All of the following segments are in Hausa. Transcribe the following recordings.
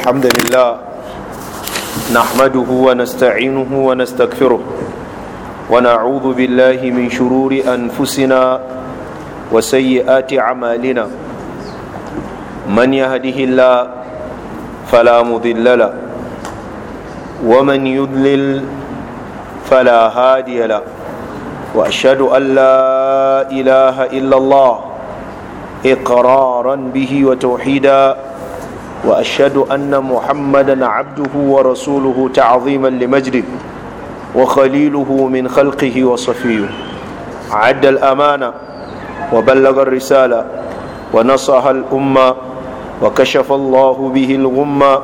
الحمد لله نحمده ونستعينه ونستغفره ونعوذ بالله من شرور أنفسنا وسيئات عمالنا من يهده الله فلا مضل له ومن يضلل فلا هادي له واشهد ان لا اله الا الله اقرارا به وتوحيدا واشهد ان محمدا عبده ورسوله تعظيما لمجده وخليله من خلقه وصفيه عد الامانه وبلغ الرساله ونصح الامه وكشف الله به الغمه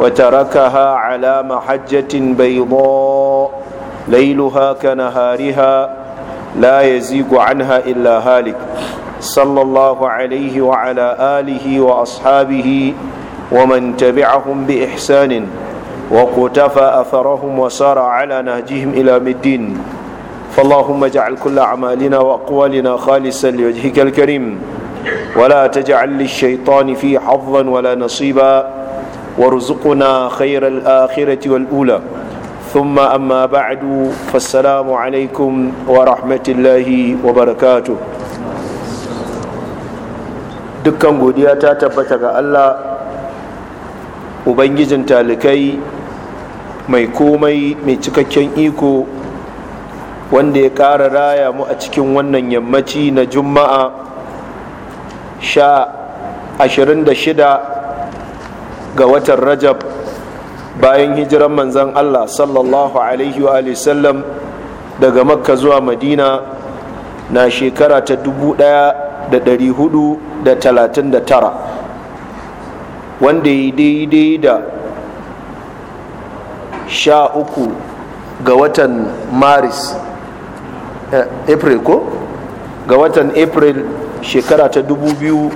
وتركها على محجه بيضاء ليلها كنهارها لا يزيغ عنها الا هالك صلى الله عليه وعلى اله واصحابه ومن تبعهم بإحسان وقتفى أثرهم وسار على نهجهم إلى مدين فاللهم اجعل كل أعمالنا وأقوالنا خالصا لوجهك الكريم ولا تجعل للشيطان في حظا ولا نصيبا وارزقنا خير الآخرة والأولى ثم أما بعد فالسلام عليكم ورحمة الله وبركاته دكان قدياتا تبتغى الله ubangijin talikai mai komai mai cikakken iko wanda ya ƙara raya mu a cikin wannan yammaci na juma'a sha ashirin da shida ga watan rajab bayan hijiran manzan allah sallallahu alaihi wa sallam daga makka zuwa madina na shekara ta dubu ɗaya da da da hudu talatin tara. wanda ya daidai da sha uku ga watan maris eh, april ko ga watan april shekara ta dubu biyu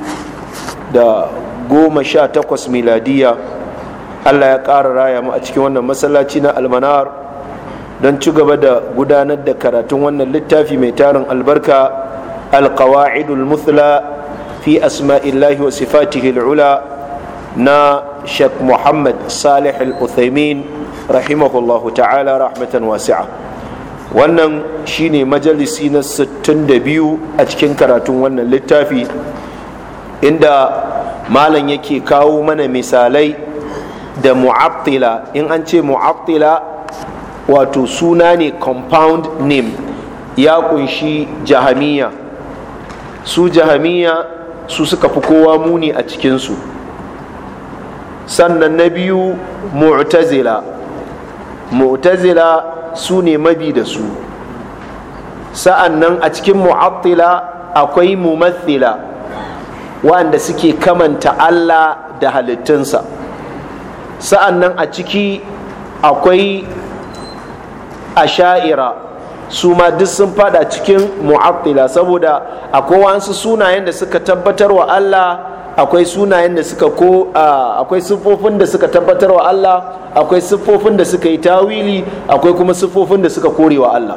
da goma sha takwas miladiya allah ya ƙara raya mu a cikin wannan masallaci na almanar don ci gaba da gudanar da karatun wannan littafi mai tarin albarka alkawa'idul muthla fi asma'illahi wa sifatihi al'ula na Sheikh Muhammad Salih Al-Uthaymin rahimahullahu ta'ala rahmatan wasi'a wannan shine majalisi na 62 a cikin karatun wannan littafi inda malam yake kawo mana misalai da mu'abtila in an ce mu'abtila wato suna ne compound name ya kunshi jahamiya su jahamiya su suka fi kowa muni a cikinsu sannan na biyu mu'tazila mu'tazila su ne mabi da su sa'an nan a cikin mu'attila akwai mumathila wanda suke kamanta Allah da halittunsa sa'an nan a ciki akwai asha'ira su ma duk sun fada cikin mu'attila saboda akwai wasu sunayen da suka tabbatar wa Allah akwai sunayen da suka ko akwai siffofin da suka tabbatar wa Allah akwai siffofin da suka yi tawili akwai kuma siffofin da suka kore wa Allah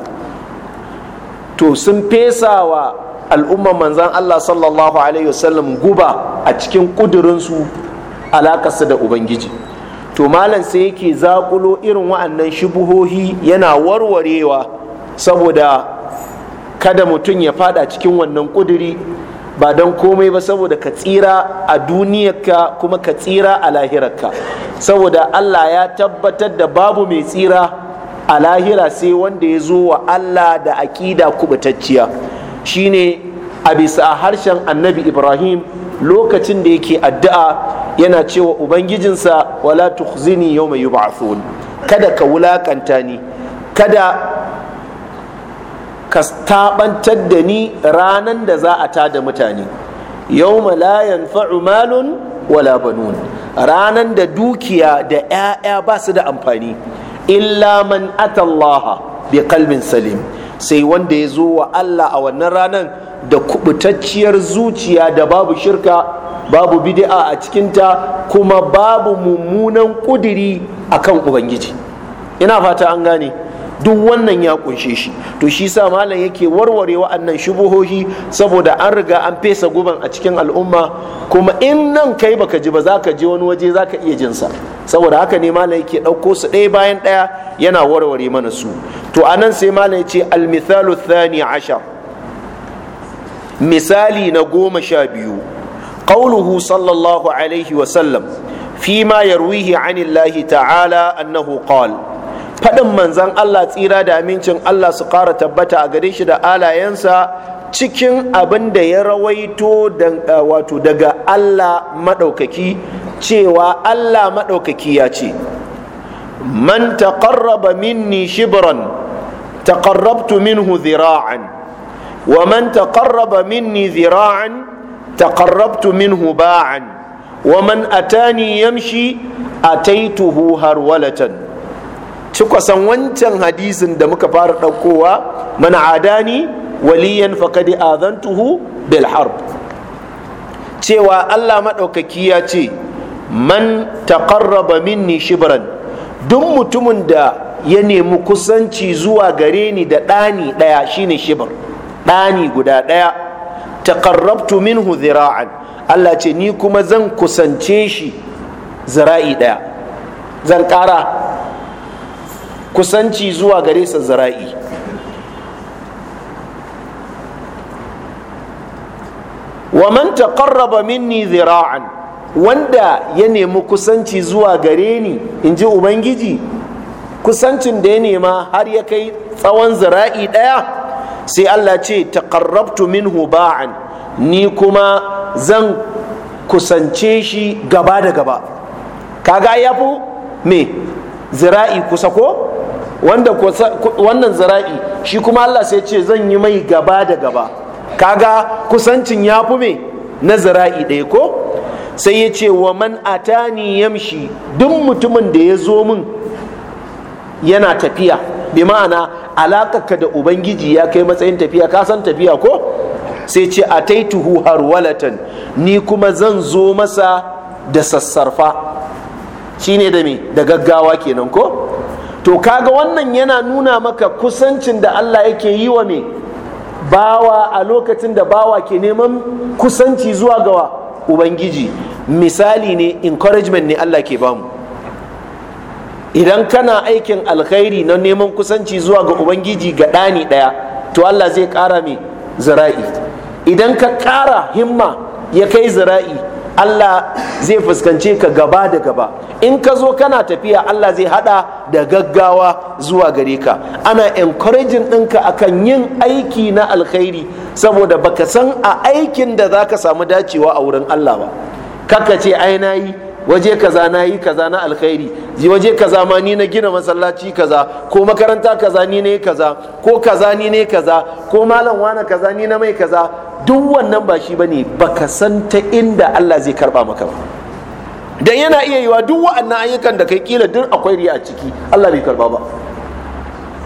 to sun fesa wa al'umman manzan Allah sallallahu alaihi wasallam guba a cikin ƙudurinsu alakarsa da ubangiji to malam sai yake zaƙulo irin wa'annan shubuhohi yana warwarewa saboda kada mutum ya fada cikin wannan kuduri. ba don komai ba saboda ka tsira a duniyarka kuma ka tsira a lahirarka saboda Allah ya tabbatar da babu mai tsira a lahira sai wanda ya zo wa Allah da aƙida kubutacciya ne a bisa harshen annabi Ibrahim lokacin da yake addu'a yana cewa ubangijinsa wala tukzini tukhzini yawma yub'athun kada ka wulakanta ni kada ka tabantar da ni ranan da za a tada mutane Yau la yanfa'u malun wala banun ranan da dukiya da 'ya'ya ba su da amfani illa man atallaha bi qalbin salim sai wanda ya zo wa Allah a wannan ranan da kubutacciyar zuciya da babu shirka babu bid'a a cikinta kuma babu mummunan kudiri akan ubangiji ina fata an gane duk wannan ya kunshe shi to shi sa malam yake warware wa'annan shubuhohi saboda an riga an fesa guban a cikin al'umma kuma in nan kai baka ji ba za ka je wani waje za ka iya jinsa saboda haka ne malam yake ɗauko su ɗaya bayan ɗaya yana warware mana su to a nan sai malam ya ce almithalu thani asha misali na goma sha biyu qauluhu Sallallahu Alaihi wa Sallam fi ma yarwihi الله ta'ala انه faɗin manzan Allah tsira da amincin Allah su ƙara tabbata a gare shi da alayensa cikin abin da ya rawaito eh, wato daga Allah maɗaukaki cewa Allah maɗaukaki ya ce man taqarraba minni shibran taqarrabtu minhu zira'an wa man taqarraba minni zira'an taqarrabtu minhu ba'an wa man atani yamshi ataituhu harwalatan ci kwasan wancan hadisin da muka fara ɗaukowa mana adani waliyan a azantuhu bil harb cewa allah maɗaukaki ya ce man ƙarraba minni shibran duk mutumin da ya nemi kusanci zuwa gare ni da ɗani ɗaya shine shibr ɗani guda ɗaya min minhu zira'an allah ce ni kuma zan kusance shi zira'i ɗaya zan ƙara kusanci zuwa gare sa zara'i wa man taqarraba minni zira'an wanda ya nemi kusanci zuwa gare ni in ji ubangiji kusancin da ya nema har ya kai tsawon zira'i ɗaya sai allah ce taqarrabtu minhu ba'an ni kuma zan kusance shi gaba da gaba kaga ya fi me zira'i kusa ko wanda wannan zira'i shi kuma Allah sai ce zan yi mai gaba da gaba kaga kusancin ya fi me na zara'i ɗaya ko sai ya ce wa man atani yamshi duk mutumin da ya zo min yana tafiya bi ma'ana ka da ubangiji ya kai matsayin tafiya ka san tafiya ko sai ce a har harwalatan ni kuma zan zo masa da sassarfa shine da me da gaggawa kenan ko to kaga wannan yana nuna maka kusancin da Allah yake yi wa me bawa a lokacin da bawa ke neman kusanci zuwa ga ubangiji misali ne encouragement ne Allah ke bamu idan kana aikin alkhairi na neman kusanci zuwa ga ubangiji ga ɗani ɗaya to Allah zai ƙara mai zira'i idan ka ƙara himma ya kai zira'i Allah zai fuskance ka gaba da gaba in ka zo kana tafiya Allah zai hada da gaggawa zuwa gare ka ana encouraging ɗinka akan yin aiki na alkhairi saboda baka san a aikin da za ka samu dacewa a wurin Allah ba kaka ce ai yi waje kaza na yi kaza na alkhairi waje kaza ma ni na gina masallaci kaza ko makaranta kaza ni ne kaza ko kaza ni ne kaza ko malam wani kaza ni na mai kaza duk wannan ba shi bane baka san ta inda Allah zai karba maka ba dan yana iya yiwa duk wa'annan ayyukan da kai kila duk akwai riya a ciki Allah bai karba ba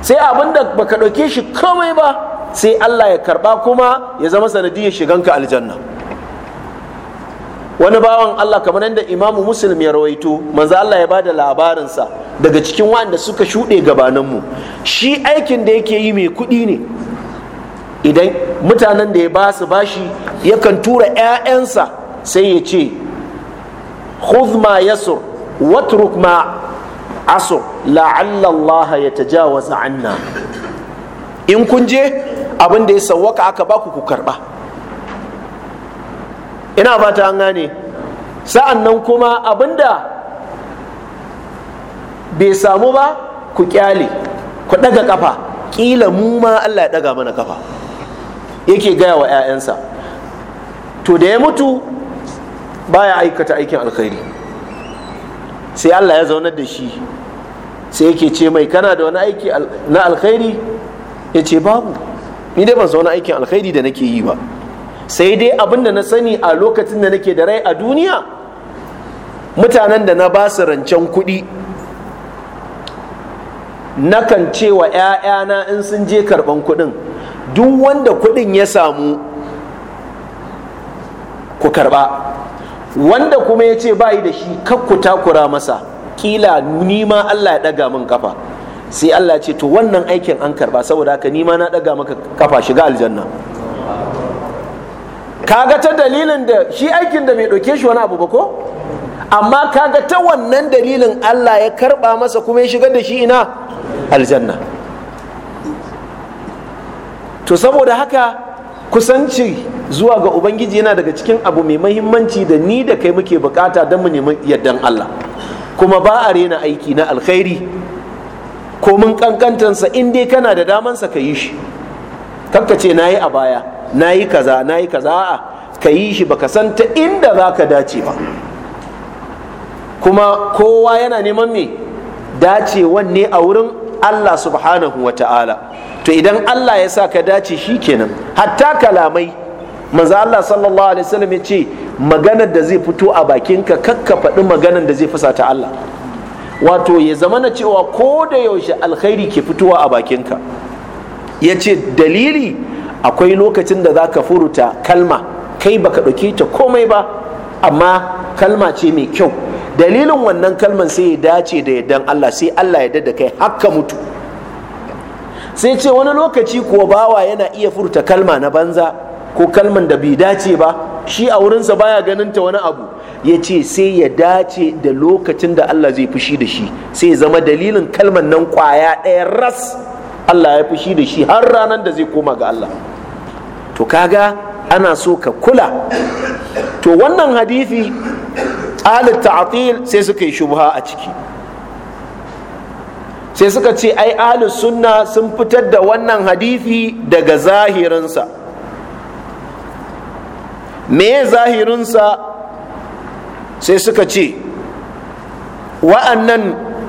sai abin da baka dauke shi kawai ba sai Allah ya karba kuma ya zama sanadiyar shiganka aljanna wani bawan Allah kamar yadda imamu muslim ya rawaito manzo Allah ya bada labarinsa daga cikin wanda suka shuɗe gabaninmu shi aikin da yake yi mai kuɗi ne idan mutanen da ya ba su bashi yakan tura 'ya'yansa sai ya ce khudh ma yasur watruk ma asur la'alla Allah ya tajawaza anna in kun je abin da ya sawwaka aka baku ku karba ina fata an gane sa'an nan kuma abinda bai samu ba ku kyale ku daga kafa kila mu ma Allah ya daga mana kafa yake gaya wa 'ya'yansa to da ya mutu baya aikata aikin alkhairi sai Allah ya zaunar da shi sai yake ce mai kana da wani aiki na alkhairi ya ce babu ni dai ban zauna aikin alkhairi da nake yi ba sai dai abin da na sani a lokacin da nake da rai a duniya mutanen da na ba su rancen kuɗi nakan ce wa 'ya'yana in sun je karɓan kuɗin duk wanda kuɗin ya samu ku karɓa wanda kuma ya ce bayi da shi ku takura masa kila ni ma Allah ya ɗaga min kafa sai Allah ce to wannan aikin an karɓa saboda haka ni ma na ɗaga maka kafa shiga aljanna kaga ta dalilin da shi aikin da bai ɗauke shi wani abu ba ko amma kaga ta wannan dalilin Allah ya karɓa masa kuma ya shigar da shi ina aljanna to saboda haka kusanci zuwa ga ubangiji yana daga cikin abu mai mahimmanci da ni da kai muke bukata don mu nemi yardan Allah kuma ba a rena aiki na alkhairi ko mun kankantansa in dai kana da damansa ka yi shi kakka ce na yi a baya na yi kaza na yi kaza a ka yi shi baka san ta inda za ka dace ba kuma kowa yana neman me dacewan ne a wurin Allah subhanahu wa ta'ala to idan Allah ya sa ka dace shi kenan hatta kalamai manzo Allah sallallahu alaihi wasallam ya ce maganar da zai fito a bakinka kakka faɗi maganar da zai fasa ta Allah wato ya zama na cewa ko da yaushe alkhairi ke fitowa a bakinka ya ce dalili akwai lokacin da za ka furuta kalma kai baka ɗauke ta komai ba amma kalma ce mai kyau dalilin wannan kalman sai ya dace da yardan Allah sai Allah ya da kai hakka mutu sai ce wani lokaci kuwa bawa yana iya furta kalma na banza ko kalman da bai dace ba shi a wurinsa baya ganin ta wani abu ya ce sai ya dace da lokacin da Allah zai fushi da shi sai zama dalilin kalman nan kwaya ɗaya ras Allah ya fushi da shi har ranar da zai koma ga Allah to kaga ana so ka kula to wannan hadithi alit ta'atil sai suka yi shubha a ciki sai suka ce ai ahalar sunna sun fitar da wannan hadithi daga zahirinsa me zahirinsa sai suka ce wa'annan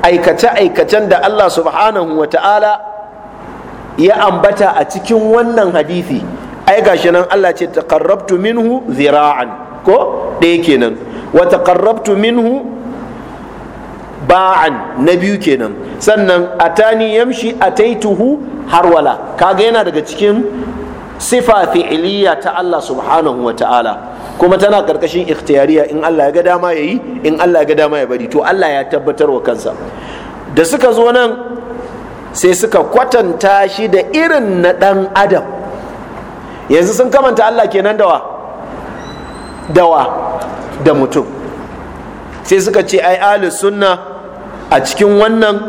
aikace-aikacen da Allah subhanahu wa ta'ala ya ambata a cikin wannan hadithi ai gashi nan Allah ce taqarrabtu minhu zira'an ko ɗaya kenan wa taqarrabtu minhu ba'an na biyu kenan sannan atani yamshi ataituhu harwala kaga yana daga cikin sifa fi'liya ta Allah subhanahu wa ta'ala kuma tana karkashin ikhtiyariya in Allah ya ga dama yayi in Allah ya ga dama ya bari to Allah ya tabbatar wa kansa da suka zo nan sai suka kwatanta shi da irin na ɗan adam yanzu sun kamanta Allah kenan dawa dawa da mutum sai suka ce ai ahlus sunna a cikin wannan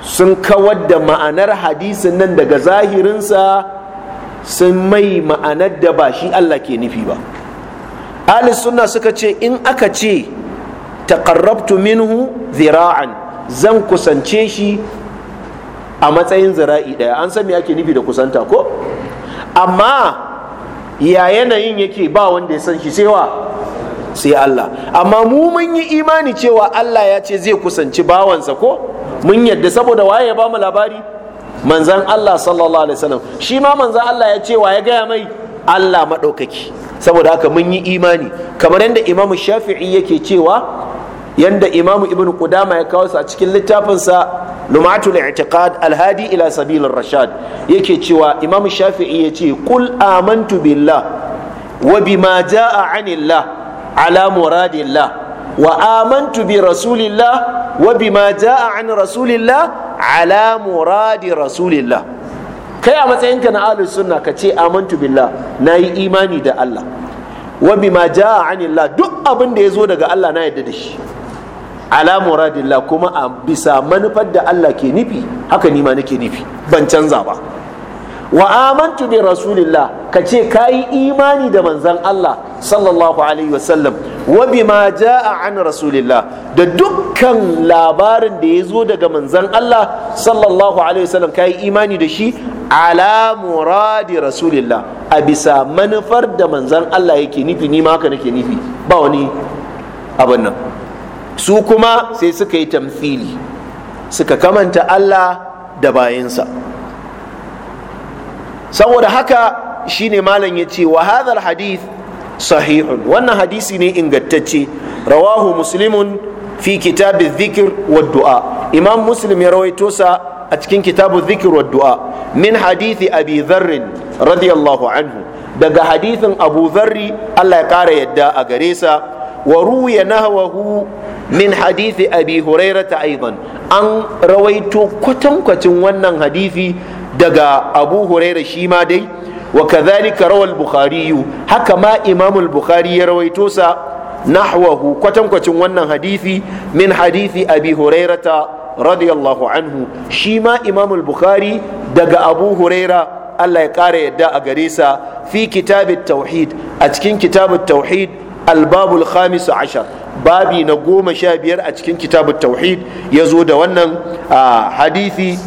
sun kawar da ma'anar hadisin nan daga zahirinsa sun mai ma'anar da ba shi Allah ke nufi ba ahlus sunna suka ce in aka ce taqarrabtu minhu zira'an zan kusance shi a matsayin zira'i daya an san me ake nufi da kusanta ko amma ya yanayin yake ba wanda ya san shi sai wa sai Allah amma mu mun yi imani cewa Allah ya ce zai kusanci bawansa ko mun yadda saboda waye ya bamu labari manzan Allah sallallahu alaihi wasallam shi ma manzan Allah ya ce wa ya gaya mai Allah maɗaukaki saboda haka mun yi imani kamar yadda imamu shafi'i yake cewa yanda imamu ibn qudama ya kawo su a cikin littafinsa lumatul i'tiqad alhadi ila sabil rashad yake cewa imamu shafi'i ya ce kul amantu billah wa bima jaa anillah ala muradillah wa amantu bi rasulillah wa bima jaa an rasulillah ala muradi rasulillah kai a matsayinka na ahlus sunna ka ce amantu billah nayi imani da Allah wa bima jaa anillah duk abin da ya zo daga Allah na yadda da shi ala muradillah kuma a bisa manufar da Allah ke nufi haka ni ma nake nufi ban canza ba wa amantu bi rasulillah ka ce kayi imani da manzon Allah sallallahu alaihi wasallam wa bima jaa an rasulillah da dukkan labarin da ya zo daga manzon Allah sallallahu alaihi wasallam kayi imani da shi ala muradi rasulillah a bisa manufar da manzon Allah yake nufi ni ma haka nake nufi ba wani abin nan su kuma sai suka yi tamfili suka kamanta Allah da bayansa saboda haka shine malam ya ce wa hadhal hadith sahihun wannan hadisi ne ingantacce rawahu muslimun fi kitab dhikr wa du'a imam muslim ya rawaito sa a cikin kitab zikir wa du'a min hadithi abi dharr radiyallahu anhu daga hadithin abu Allah ya kara yadda a gare sa wa ruwiya nahwahu min hadithi abi hurairata aidan an rawaito kwatankwacin wannan hadithi daga abu huraira shi ma dai wa kadhalika rawal bukhari haka ma imamul bukhari ya rawaito sa nahwahu kwatankwacin wannan hadithi min hadithi abi hurairata radiyallahu anhu shima imamul bukhari daga abu huraira Allah ya ƙara yadda a gare fi kitabit tauhid a cikin kitabut tauhid albabul khamisu ashar babi na goma sha biyar a cikin kitabu tauhid ya zo da wannan hadithi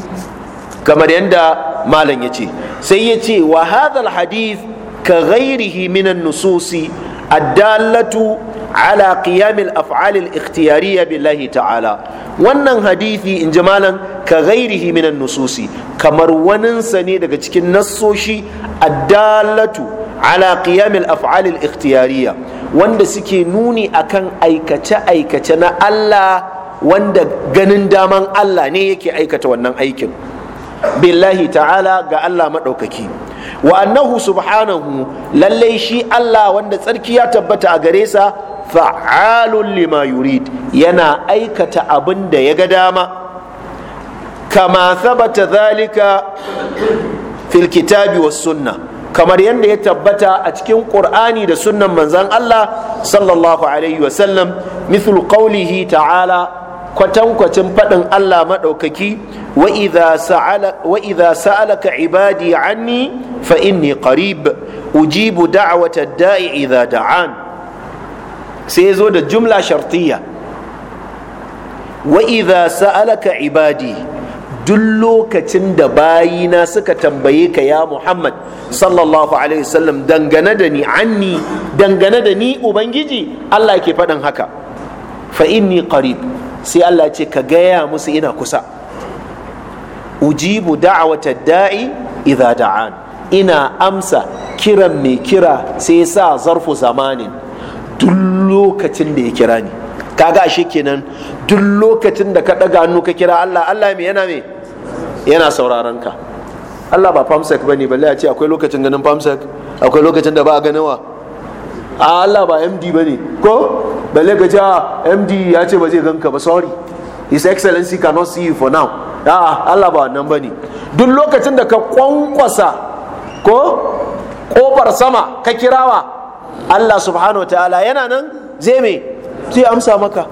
kamar yadda malam ya ce sai ya ce wa hadhal hadith ka ghairihi minan nususi addalatu ala qiyamil af'alil ikhtiyariya billahi ta'ala wannan hadithi in ji malam ka ghairihi minan nususi kamar waninsa ne daga cikin nassoshi addalatu ala qiyamil af'alil ikhtiyariya wanda suke nuni akan aikace-aikace na Allah wanda ganin daman Allah ne yake aikata wannan aikin billahi ta'ala ga Allah maɗaukaki wa annahu subhanahu lallai shi Allah wanda tsarki ya tabbata a gare sa fa'alun lima yurid yana aikata abin da ya ga dama kama sabata zalika fil kitabi was sunnah kamar yadda ya tabbata a cikin ƙur'ani da sunnan manzan Allah sallallahu alaihi wasallam mithlu qawlihi ta'ala kwatankwacin faɗin Allah maɗaukaki wa idha sa'alaka ibadi anni fa inni qarib ujibu da'wata da'i idha da'an sai zo da jumla shartiya wa ka sa'alaka ibadi duk lokacin da bayina suka tambaye ka ya Muhammad sallallahu alaihi wasallam dangane da ni anni dangane da ni ubangiji Allah ke faɗin haka fa inni qarib sai Allah ce ka gaya musu ina kusa ujibu da'wata da'i idza da'an ina amsa kiran mai kira sai sa zarfu zamanin duk lokacin da ya kira ni kaga ashe kenan duk lokacin da ka ɗaga hannu ka kira Allah Allah me yana me yana sauraron ka Allah ba ba bane balle a ce akwai lokacin ganin famsek? akwai lokacin da ba a ganawa a Allah ba MD bane ko balle ka ce ah, MD ya ce ba zai gan ka ba sorry his excellency cannot see you for now a'a Allah ba wannan bane duk lokacin da ka kwankwasa ko kofar sama ka kirawa Allah subhanahu wa ta'ala yana nan zai me zai amsa maka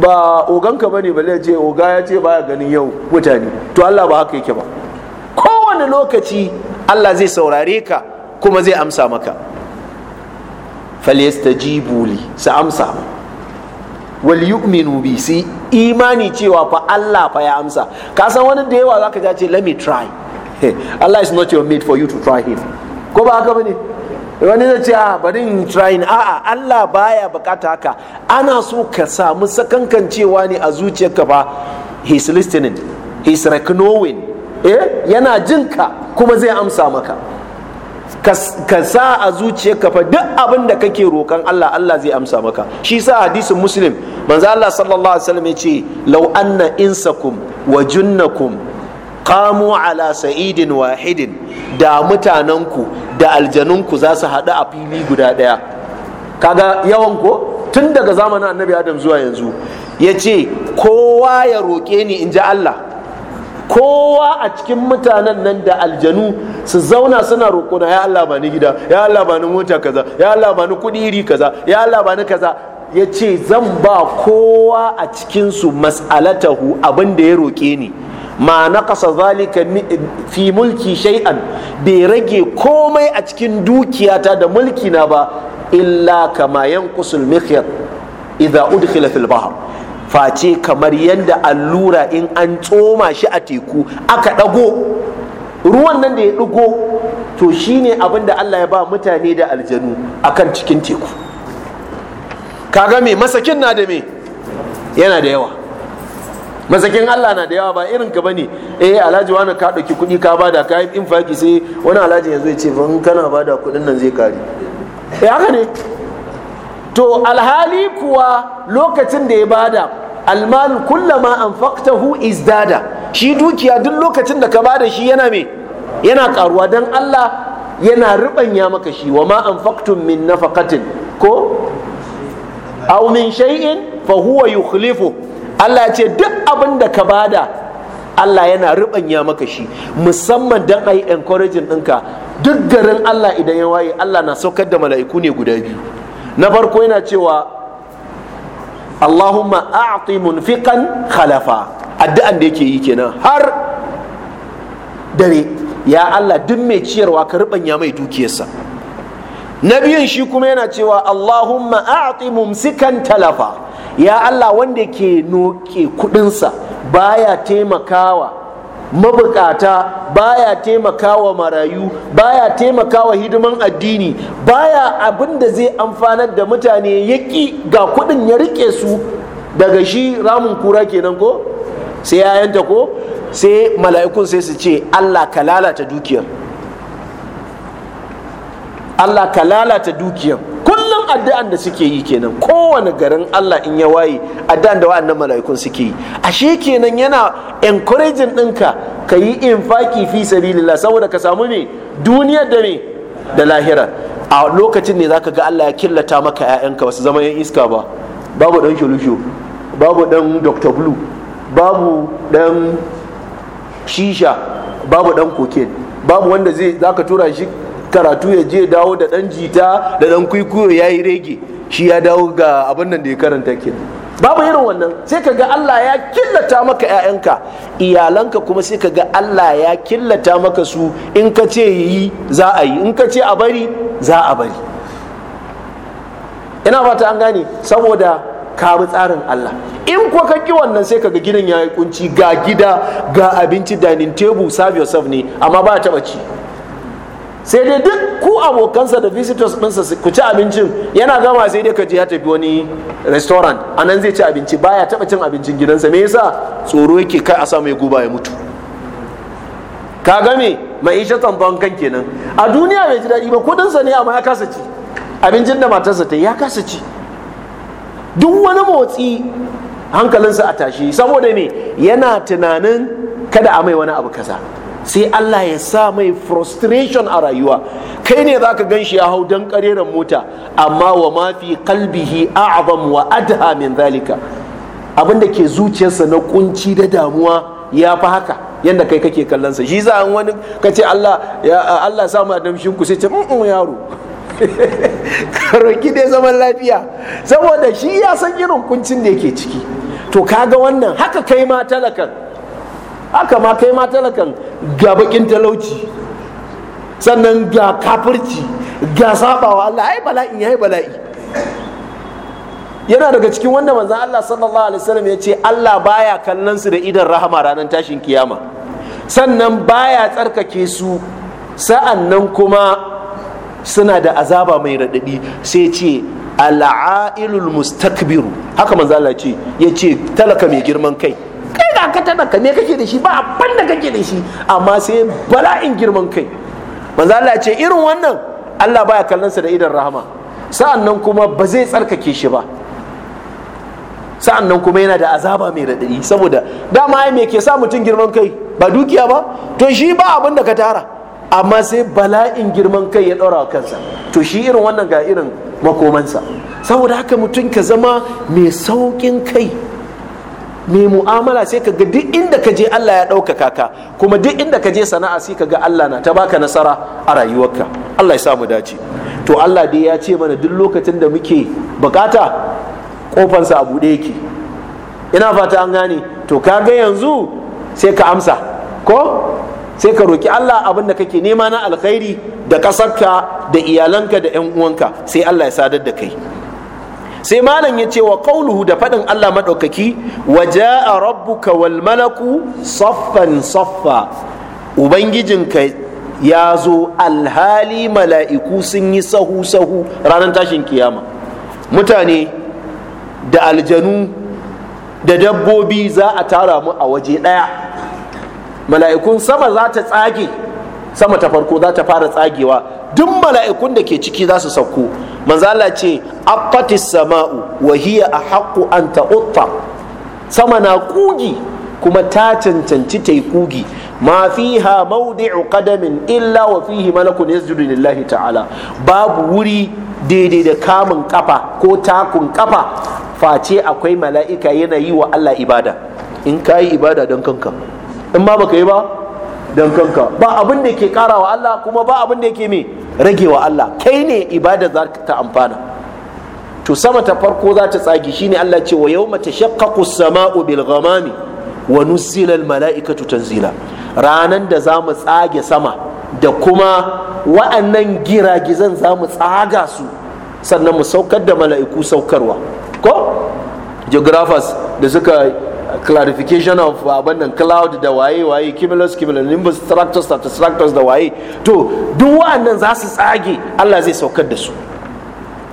ba oganka bane ba ya ce oga ya ce baya ganin yau mutane to Allah ba haka yake ba kowane lokaci Allah zai saurare ka kuma zai amsa maka falyastajibu li sa amsa wal yu'minu bi si imani cewa fa Allah fa ya amsa ka san wani da yawa zaka ga ce let me try Allah is not your mate for you to try him ko ba haka bane wani zai ce a ah, bari in try trying a'a Allah baya bukata haka ana so ka samu sakankancewa ne a zuciyarka fa he's listening he's knowing eh yana ka kuma zai amsa maka ka sa a zuciyarka fa duk abin da kake roƙon Allah Allah zai amsa maka shi sa hadisin muslim manzo Allah sallallahu alaihi wasallam ya ce law anna insakum wa junnakum qamu ala sa'idin wahidin da mutananku da aljanunku za su haɗu a fili guda ɗaya kaga yawan ko tun daga zamanin annabi adam zuwa yanzu ya kowa ya roƙe ni in ji allah kowa a cikin mutanen nan da aljanu su zauna suna roƙo na ya allah ba ni gida ya allah ba ni mota kaza ya allah ba ni kuɗi iri kaza ya allah ba ni kaza ya zan ba kowa a cikinsu mas'alatahu abin da ya roƙe ni ma ƙasa zalika fi mulki shai'an bai rage komai a cikin dukiyata da mulki na ba illa kama kusur mikhyat idha udkhila fil bahr face kamar yadda allura in an tsoma shi a teku aka ɗago ruwan nan da ya ɗigo to shine abin da Allah ya ba mutane da aljanu akan cikin teku kaga mai masakin na da me yana da yawa masakin Allah na da yawa ba irin ka bane eh alhaji wani ka dauki kuɗi ka bada ka yi infaki sai wani alhaji yanzu ya ce ban kana bada kuɗin nan zai kare eh haka ne to alhali kuwa lokacin da ya bada almal kullama anfaqtahu izdada shi dukiya duk lokacin da ka bada shi yana me yana karuwa dan Allah yana ribanya maka shi wa ma anfaqtum min nafaqatin ko aw min shay'in fa huwa yukhlifu Allah ya ce duk abin da ka bada Allah yana ruɓanya maka shi musamman don a yi encouraging ɗinka duk garin Allah idan ya waye Allah na saukar da mala'iku ne guda biyu na farko yana cewa Allahumma a'ti munfiqan khalafa addu'an da yake yi kenan har dare ya Allah duk mai ciyarwa ka ruɓanya mai dukiyarsa na biyun shi kuma yana cewa Allahumma a'ti mumsikan talafa ya Allah wanda ke noke kudinsa baya taimakawa mabukata baya taimakawa marayu baya taimakawa hidiman addini baya abin da zai amfanar da mutane yaki ga kudin ya rike su daga shi ramin kura kenan ko sai yayanta ko sai mala'ikun sai su ce Allah ka lalata dukiyar Allah ka lalata dukiyar kullum addu'an da suke yi kenan kowane garin Allah in ya waye addu'an da wa'annan mala'ikun suke yi ashe kenan yana encouraging ɗinka ka yi infaki fi sabilillah saboda ka samu me duniyar da me da lahira a lokacin ne zaka ga Allah ya killata maka 'ya'yanka wasu zama yan iska ba babu dan shulushu babu dan Dr. Blue babu dan shisha babu dan cocaine babu wanda zai zaka tura shi karatu ya je dawo da dan jita da dan kwikwiyo ya yi rege shi ya dawo ga abin nan da ya karanta ke babu irin wannan sai ka ga Allah ya killata maka 'ya'yanka iyalanka kuma sai ka ga Allah ya killata maka su in ka ce yi za a yi in ka ce a bari za a bari ina fata an gane saboda ka tsarin Allah in kuwa ka wannan sai ka ga gidan ya yi kunci ga gida ga abinci dining table serve yourself ne amma ba ta ci sai dai duk ku abokansa da visitors ɗinsa ku ci abincin yana gama sai dai ka je ya tafi wani restaurant a nan zai ci abinci baya taɓa cin abincin gidansa me yasa tsoro yake kai a samu ya guba ya mutu ka game isha tantan kan kenan a duniya bai ji daɗi ba kudinsa ne amma ya kasa ci abincin da matarsa ta ya kasa ci duk wani motsi hankalinsa a tashi saboda me yana tunanin kada a mai wani abu kasa sai Allah ya sa mai frustration a rayuwa kai ne za ka ganshi ya hau don kareren mota amma wa mafi kalbihi a'zam wa adha min zalika abinda ke zuciyarsa na kunci da damuwa ya fi haka yadda kai kake kallonsa shi za a wani ka Allah ya Allah sa ma damshin ku sai ce mm, mm yaro karoki dai zaman lafiya saboda shi ya san irin kuncin da yake ciki to kaga wannan haka kai ma talakan haka ma kai ma talakan ga bakin talauci sannan ga kafirci ga sabawa Allah ai bala'i ai bala'i yana daga cikin wanda manzon Allah sallallahu alaihi wasallam ya ce Allah baya kallon su da idan rahama ranar tashin kiyama sannan baya tsarkake su sa'annan kuma suna da azaba mai raɗaɗi sai ce al'ailul mustakbiru haka manzon Allah ce ya ce talaka mai girman kai kai ga ka ka me kake da shi ba abin da kake da shi amma sai bala'in girman kai manzo Allah ya ce irin wannan Allah baya kallon sa da idan rahama sa'an nan kuma ba zai tsarkake shi ba sa'an nan kuma yana da azaba mai raɗaɗi saboda dama ai me ke sa mutum girman kai ba dukiya ba to shi ba abin da ka tara amma sai bala'in girman kai ya daura kansa to shi irin wannan ga irin makomansa saboda haka mutum ka zama mai sauƙin kai mai mu'amala sai ka ga duk inda ka je Allah ya ɗaukaka ka kuma duk inda ka je sana'a sai ka ga Allah na ta baka nasara a rayuwarka Allah ya sa mu dace to Allah dai ya ce mana duk lokacin da muke bukata kofansa a buɗe yake ina fata an gane to ka ga yanzu sai ka amsa ko sai ka roki Allah abin da kake nema na alkhairi da ƙasarka da iyalanka da 'yan uwanka sai Allah ya sadar da kai sai malam ya ce wa kauluhu da faɗin Allah maɗaukaki wa a rabbuka wal malaku saffan saffa ubangijinka ya zo alhali mala'iku sun yi sahu sahu ranar tashin kiyama mutane da aljanu da dabbobi za a tara mu a waje ɗaya mala'ikun sama za ta tsage sama ta farko za ta fara tsagewa duk mala'ikun da ke ciki za su sauko manzo Allah ce affatis sama'u wa hiya ahaqqu an ta'utta sama na kugi kuma ta cancanci ta kugi ma fiha mawdi'u qadamin illa wa fihi malakun yasjudu lillahi ta'ala babu wuri daidai da kamun kafa ko takun kafa face akwai mala'ika yana yi wa Allah ibada in kai ibada don kanka in ba baka yi ba don kanka ba abin da ke kara wa Allah kuma ba abin da ke me rage wa Allah kai ne ibada za ta amfana to sama ta farko za ta tsagi shine Allah ce wa yawma tashaqqaqu as-sama'u bil ghamami wa nuzila al-mala'ikatu tanzila ranan da za mu tsage sama da kuma wa'annan giragizan za mu tsaga su sannan mu saukar da mala'iku saukarwa ko geographers da suka clarification of uh, abandon cloud da waye waye cumulus cumulus nimbus structures structures da waye to duk wannan za su tsage Allah zai saukar da su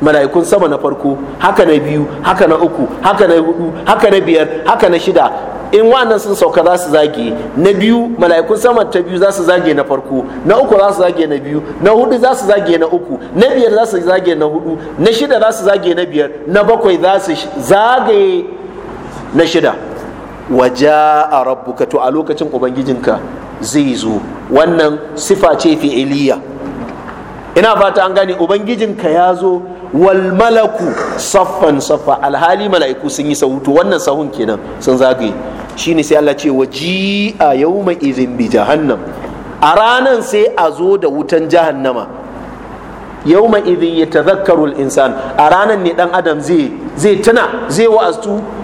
mala'ikun sama na farko haka na biyu haka na uku haka na hudu haka na biyar haka na shida in wannan sun sauka za su zage na biyu mala'ikun sama ta biyu za su zage na farko na uku za su zage na biyu na hudu za su zage na uku na biyar za su zage na hudu na shida za su zage na biyar na bakwai za su zage na shida waja a rabbuka to a lokacin ubangijinka zai zo wannan sifa ce fi'iliya ina fata an gane ubangijinka ya zo wal malaku saffan saffa alhali mala'iku sun yi sahuto wannan sahun kenan sun zagaye shine sai Allah ce waji a yawma izin bi jahannam a ranan sai a zo da wutan jahannama yawma idhin ta al insan a ranan ne dan adam zai zai tuna zai wa'astu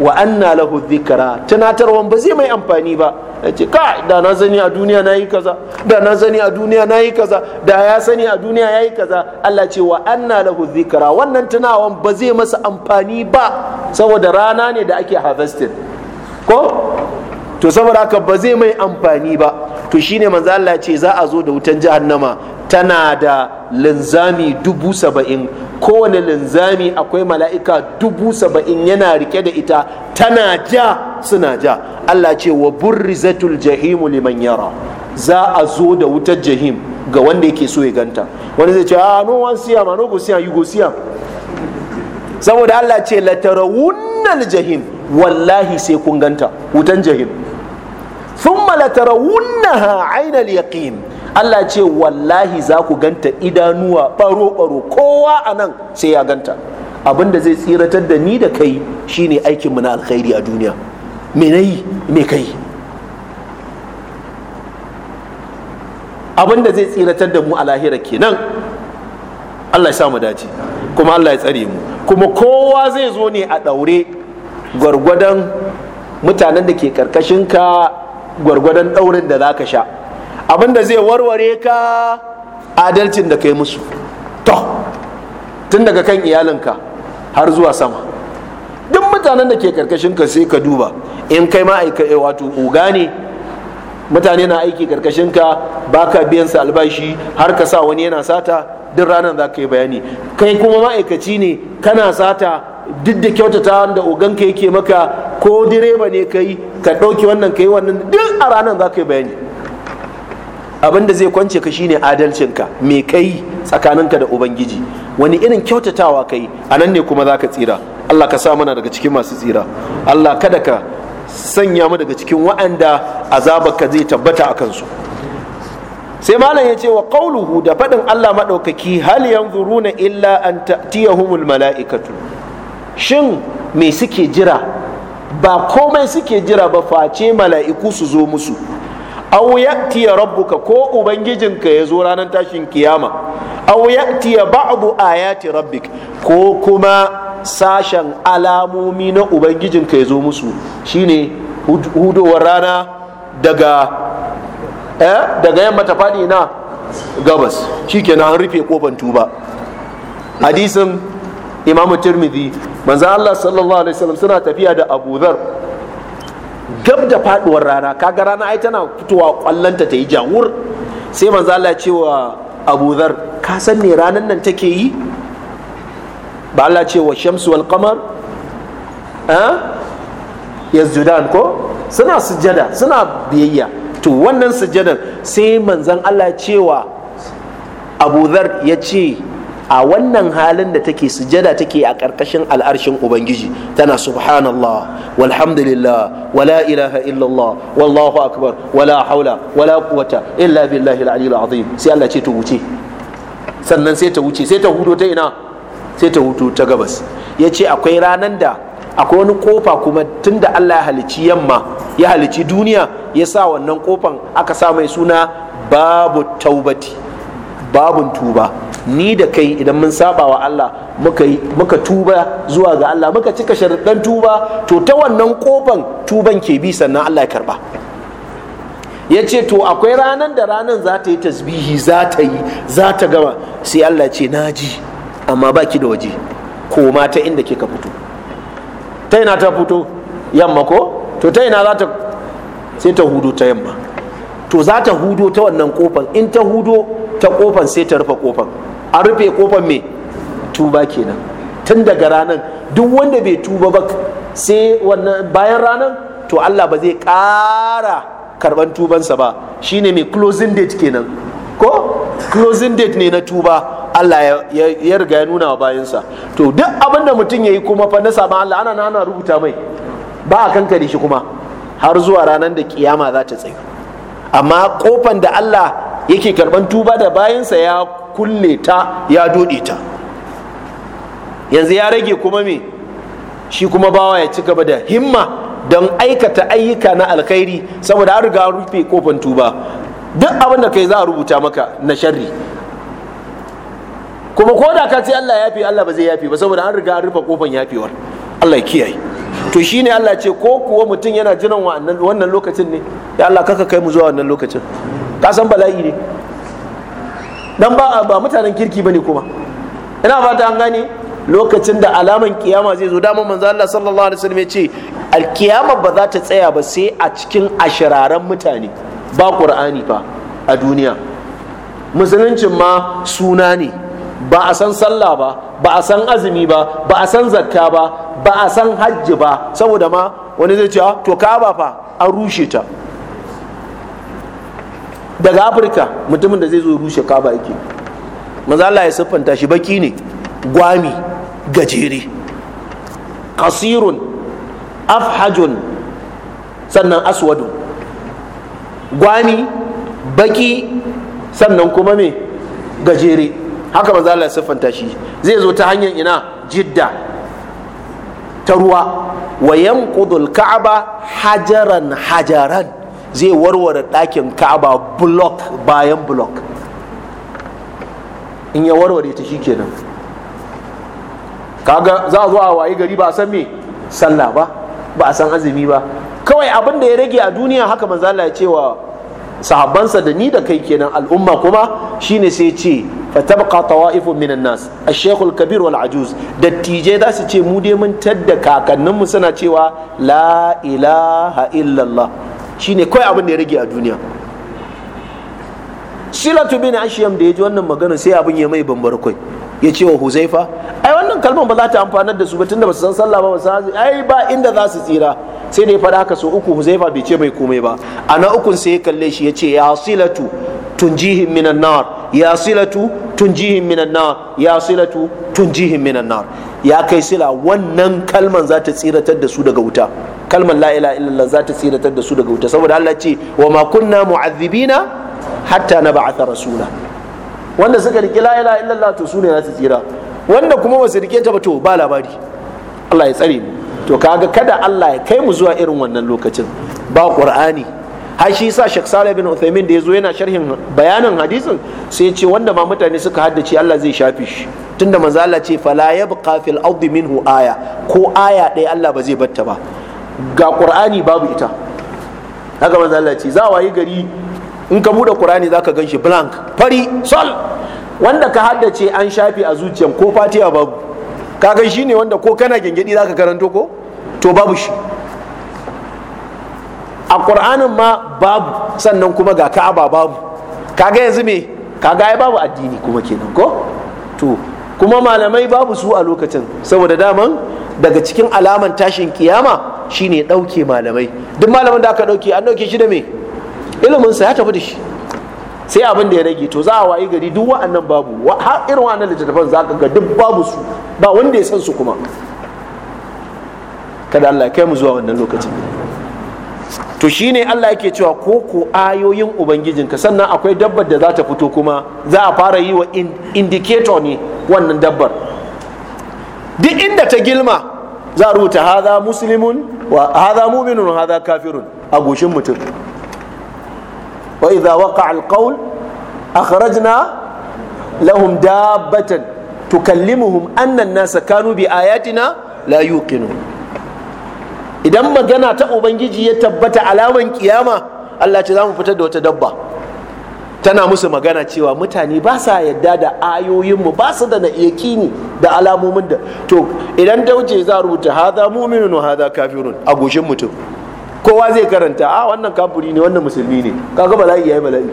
wa anna lahu dhikra tunatarwan ba zai mai amfani ba yace ka da na sani a duniya nayi kaza da na sani a duniya nayi kaza da ya sani a duniya yayi kaza Allah ce wa anna lahu dhikra wannan tunawan ba zai masa amfani ba saboda rana ne da ake harvesting ko to saboda haka ba zai mai amfani ba to shine manzo Allah ce za a zo da wutan jahannama tana da linzami dubu saba'in kowane linzami akwai mala'ika dubu saba'in yana rike da ita tana ja suna ja Allah ce wa burrizatul jahimu liman yara za a zo da wutar jahim ga wanda yake so ya ganta wani zai ce ah no one see am no go see am you go see am saboda Allah ce tarawunnal jahim wallahi sai kun ganta wutan jahim thumma latarawunnaha ainal yaƙin. Allah ce wallahi za ku ganta idanuwa baro baro kowa anan sai ya ganta abinda da zai tsiratar da ni da kai shine aikin mu na alkhairi a duniya me nayi me kai abinda zai tsiratar da mu a lahira kenan Allah ya sa dace kuma Allah ya tsare mu kuma kowa zai zo ne a ɗaure gwargwadon mutanen da ke karkashin ka gwargwadon ɗaurin da za ka sha abinda zai warware ka adalcin da ka yi musu to tun daga kan iyalinka har zuwa sama duk mutanen da ke karkashin ka sai ka duba in kai ma eh, wato oga ne mutane na aiki karkashin ba ka biyan su albashi har ka sa wani yana sata duk ranar za ka yi bayani kai kuma ma'aikaci ne kana sata duk da kyautata da oganka yake maka ko direba ne kai ka ɗauki wannan kai wannan duk a ranar za ka yi bayani abin da zai kwance ka shine adalcinka me kai tsakaninka da ubangiji wani irin kyautatawa kai a nan ne kuma za ka tsira allah ka sa mana daga cikin masu tsira allah kada ka sanya mu daga cikin wa'anda azabarka zai tabbata a kansu sai malam ya ce wa qauluhu da faɗin allah maɗaukaki hal yanzuruna illa an ta'tiyahumul mala'ikatu shin me suke jira ba komai suke jira ba face mala'iku su zo musu aw ya'tiya rabbuka ko ubangijinka ya zo ranar tashin kiyama aw ya'tiya ba'du ayati rabbik ko kuma sashen alamomi na ubangijinka ya zo musu shine hudowar rana daga eh, yamma ta fadi na gabas shikenan an rufe kofan ba. hadisin imamu tirmidhi manzo Allah sallallahu alaihi wasallam suna tafiya da Abu Dhar gab da faduwar rana kaga rana ai tana fitowa kwallanta ta yi jawur sai manzo Allah ya ce wa Abu Dhar ka san ne ranan nan take yi ba Allah ce wa shamsu wal qamar a yasjudan ko suna sujjada suna biyayya to wannan sujjadan sai manzon Allah ya ce wa Abu Dhar ya ce a wannan halin da take sujada take a ƙarƙashin al'arshin ubangiji tana subhanallah walhamdulillah wala ilaha illallah wallahu akbar wala haula wala quwwata illa billahi al-aliyyil azim sai Allah ce ta wuce sannan sai ta wuce sai ta hudo ta ina sai ta hudo ta gabas yace akwai ranan da akwai wani kofa kuma tunda Allah ya halici yamma ya halici duniya ya sa wannan kofan aka sa mai suna babu taubati babun tuba ni da kai idan mun saba wa Allah muka tuba zuwa ga Allah muka cika sharaɗan tuba to ta wannan kofan tuban ke bi sannan Allah ya karba ya ce to akwai ranar da ranar za ta yi tasbihi za ta yi za ta gama sai Allah ce na ji amma ba ki da waje koma ta inda kika fito ta ina ta fito yamma ko to ta ina za ta sai ta hudu ta yamma to za ta hudo ta wannan kofan in ta hudo ta kofan sai ta rufe kofan a rufe kofar mai tuba kenan tun daga ranar duk wanda bai tuba ba sai wannan bayan ranar to Allah ba zai ƙara karban tubansa ba shine mai closing date kenan ko closing date ne na tuba Allah ya riga ya nuna wa bayansa to duk abin da mutum ya yi kuma fa na saban Allah ana ana rubuta mai ba a kankare shi kuma har zuwa ranar da kiyama za ta tsaye amma kofan da Allah yake karban tuba da bayansa ya kulle ta ya dode ta yanzu ya rage kuma me shi kuma bawa ya ci gaba da himma don aikata ayyuka na alkhairi saboda an riga rufe kofan tuba duk abin da kai za a rubuta maka na sharri kuma ko da ka ce Allah ya fi, Allah ba zai fi ba saboda an riga an rufe kofan yafewar Allah ya kiyaye to shi ne Allah ce ko kuwa mutum yana jiran wannan lokacin ne ya Allah kaka kai mu zuwa wannan lokacin ka san bala'i ne dan ba ba mutanen kirki bane kuma ina fata an gane lokacin da alaman kiyama zai zo dama manzo Allah sallallahu alaihi wasallam ya ce alkiyama ba za ta tsaya ba sai a cikin ashiraran mutane ba qur'ani ba a duniya musuluncin ma suna ne ba a san sallah ba ba a san azumi ba ba a san zakka ba ba a san hajji ba saboda ma wani zai ce ah, to kaba fa an rushe ta daga afirka mutumin da zai zo rushe kaba yake maza Allah ya siffanta shi baki ne gwami gajere kasirun afhajun sannan aswadun gwami baki sannan kuma me gajere haka manzo Allah siffanta shi zai zo ta hanyar ina jidda ta ruwa wa yanqudul ka'aba hajaran hajaran zai warware ɗakin ka'aba block bayan block in ya warware ta shikenan kaga za a zo a wayi gari ba a san me sallah ba ba a san azumi ba kawai abin da ya rage a duniya haka manzo Allah ya ce wa sahabbansa da ni da kai kenan al'umma kuma shine sai ce fatabqa tawa'ifun minan nas ash-shaykh kabir wal ajuz dattijai za su ce mu dai mun tadda kakannin mu suna cewa la ilaha illallah shine kai abin da ya rage a duniya silatu bin ashiyam da yaji wannan magana sai abin ya mai bambar kai ya ce wa huzaifa ai wannan kalmar ba za ta amfanar da su ba tunda ba su san sallah ba ba san ai ba inda za su tsira sai da ya faɗa haka so uku huzaifa bai ce mai komai ba ana uku sai ya kalle shi ya ce ya silatu tunjihim minan nar ya silatu tunjihim minan nar ya silatu tunjihim minan nar ya kai sila wannan kalman za ta tsiratar da su daga wuta kalman la ilaha illallah za ta tsiratar da su daga wuta saboda Allah ce wa ma kunna mu'adhibina hatta nab'atha rasula wanda suka riki la ilaha illallah to su ne za su tsira wanda kuma ba su rike ta ba to ba labari Allah ya tsare mu to kaga kada Allah ya kai mu zuwa irin wannan lokacin ba qur'ani ai shi sa shek Saleh bin Uthaymeen da yazo yana sharhin bayanin hadisin sai ce wanda ma mutane suka haddace Allah zai shafi shi tunda manzo Allah ce fala yabqa fil ard minhu aya ko aya ɗaya Allah ba zai batta ba ga Qur'ani babu ita haka manzo Allah ce za wayi gari in ka bude Qur'ani zaka ganshi blank fari sol wanda ka haddace an shafi a zuciyan ko fatiha babu Ka ga shine wanda ko kana gengedi zaka karanto ko to babu shi a ƙur'anin ma babu sannan kuma ga ka'aba babu kaga yanzu me kaga ya babu addini kuma kenan ko to kuma malamai babu su a lokacin saboda daman daga cikin alaman tashin kiyama shine ɗauke malamai duk malamin da aka ɗauke an ɗauke shi da me iliminsa ya tafi da shi sai abin da ya rage to za a wayi gari duk wa'annan babu har irin wa'annan littattafan za ka ga duk babu su ba wanda ya san su kuma kada Allah ya kai mu zuwa wannan lokacin to shine Allah yake cewa ko ko ayoyin ubangijinka sannan akwai dabbar da za ta fito kuma za a fara yi wa indicator ne wannan dabbar duk inda ta gilma za a rubuta haza muslimun wa haza muminun haza kafirun a goshin mutum wa idza waqa alqawl akhrajna lahum dabbatan tukallimuhum anna an-nasa kanu bi ayatina la yuqinun idan magana ta ubangiji ya tabbata alaman kiyama Allah ce za mu fitar da wata dabba tana musu magana cewa mutane ba sa yadda da ayoyinmu ba su da na yakini da alamomin da to idan dauje za rubuta haza mu'minun haza kafirun a goshin mutum kowa zai karanta a ah, wannan kafiri ne wannan musulmi ne kaga bala'i yayi bala'i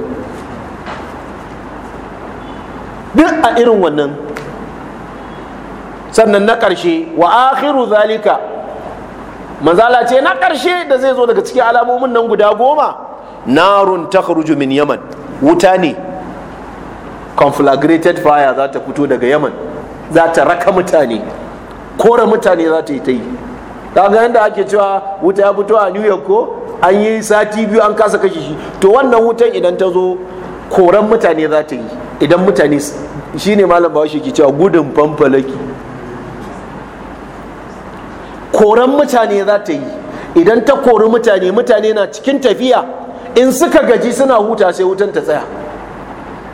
duk a irin wannan sannan na ƙarshe wa akhiru zalika manzala ce na ƙarshe da zai zo daga cikin alamomin nan guda goma narun takhruju min yaman wuta ne conflagrated fire za ta fito daga yaman za ta raka mutane kora mutane za ta yi ta yi ga yadda ake cewa wuta ya fito a new york ko an yi sati biyu an kasa kashe shi to wannan wutan idan ta zo koran mutane za ta yi idan mutane shine malam bawashi ke cewa gudun fanfalaki koran mutane za ta yi idan ta kori mutane mutane na cikin tafiya in suka gaji suna huta sai wutan ta tsaya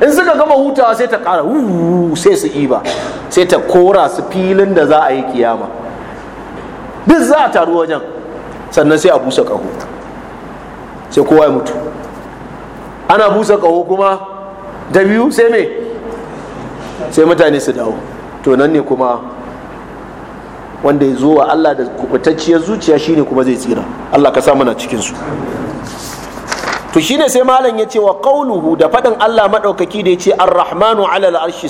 in suka gama hutawa sai ta ƙara sai su iba sai ta kora su filin da za a yi kiyama duk za a taru wajen sannan sai a busa ƙaho sai kowa ya mutu ana busa ƙaho kuma da biyu sai me sai mutane su dawo to nan ne kuma wanda ya zo wa Allah da kubutacciyar zuciya shine kuma zai tsira Allah ka sa mana cikin su to shine sai malam ya ce wa qauluhu da fadin Allah maɗaukaki da ya ce ar-rahmanu 'ala al-arshi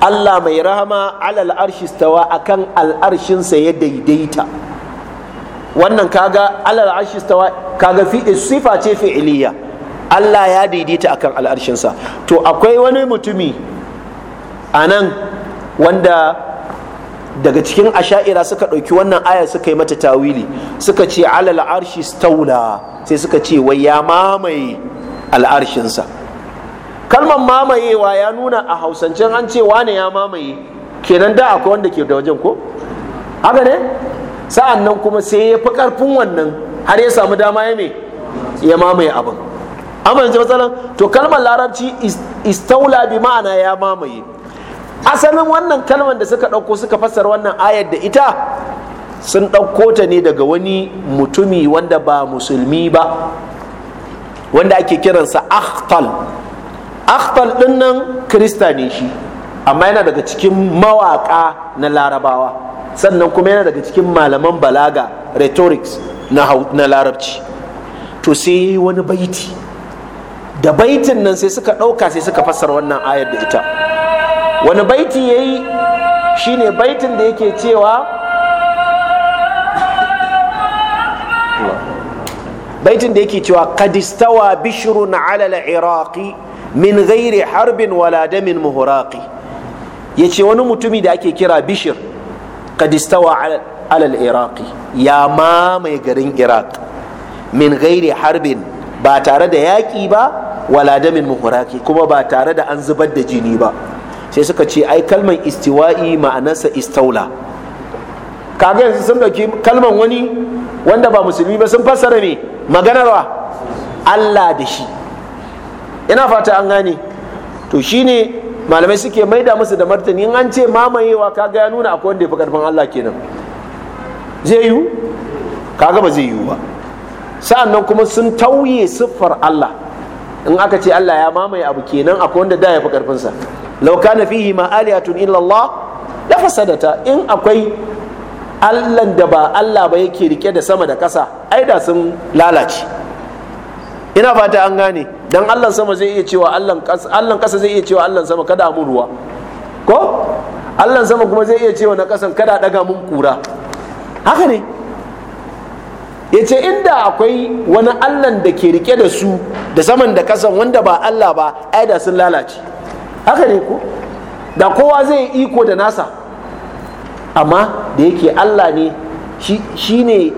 Allah mai rahama 'ala al-arshi stawa akan al ya daidaita wannan kaga 'ala al-arshi stawa kaga fi sifa ce fi'iliya Allah ya daidaita akan al-arshin to akwai wani mutumi anan wanda daga cikin asha'ira suka ɗauki wannan aya suka yi mata tawili suka ce alal arshi staula sai suka ce wai ya mamaye al'arshinsa kalmar mamayewa ya nuna a hausance an ce wane ya mamaye kenan da akwai wanda ke da wajen ko haka ne sa'an nan kuma sai ya fi karfin wannan har ya samu dama ya ya mamaye abin amma yanzu matsalan to kalmar larabci istaula bi ma'ana ya mamaye asalin wannan kalmar da suka ɗauko suka fassara wannan ayar da ita sun ɗauko ta ne daga wani mutumi wanda ba musulmi ba wanda ake kiransa akhtal akhtal ɗin nan krista ne shi amma yana daga cikin mawaƙa na larabawa sannan kuma yana daga cikin malaman balaga rhetorics na larabci to sai wani baiti da baitin nan sai suka ɗauka sai suka fassara wannan ayar da ita wani baiti ya yi shi ne baitin da yake cewa baitin da yake cewa kadistawa bishirun alal iraqi min gairi harbin wala damin muhuraqi ya ce wani mutumi da ake kira bishir kadistawa alal iraqi ya mamaye garin iraq min gairi harbin ba tare da yaƙi ba wala damin muhuraqi kuma ba tare da an zubar da jini ba sai suka ce ai kalman istiwa'i ma'anarsa istaula kaga yanzu sun dauki kalman wani wanda ba musulmi ba sun fassara ne maganarwa Allah da shi ina fata an gane to shine malamai suke maida musu da martani in an ce mamayewa kaga ya nuna akwai wanda ya fi karfin Allah kenan zai yiwu kaga ba zai yiwu ba sa'annan kuma sun tauye siffar Allah in aka ce Allah ya mamaye abu kenan akwai wanda da ya fi sa law na fihi ma aliyatun illa Allah la fasadata in akwai allan da ba Allah ba yake rike da sama da ƙasa ai da sun lalace ina fata an gane don allan sama zai iya cewa allan ƙasa zai iya cewa allan sama kada mu ruwa ko allan sama kuma zai iya cewa na ƙasan kada daga mun kura haka ne ya ce inda akwai wani allan da ke rike da su da saman da kasan wanda ba allah ba ai da sun lalace haka ne ko da kowa zai iko da nasa amma da yake Allah ne shi ne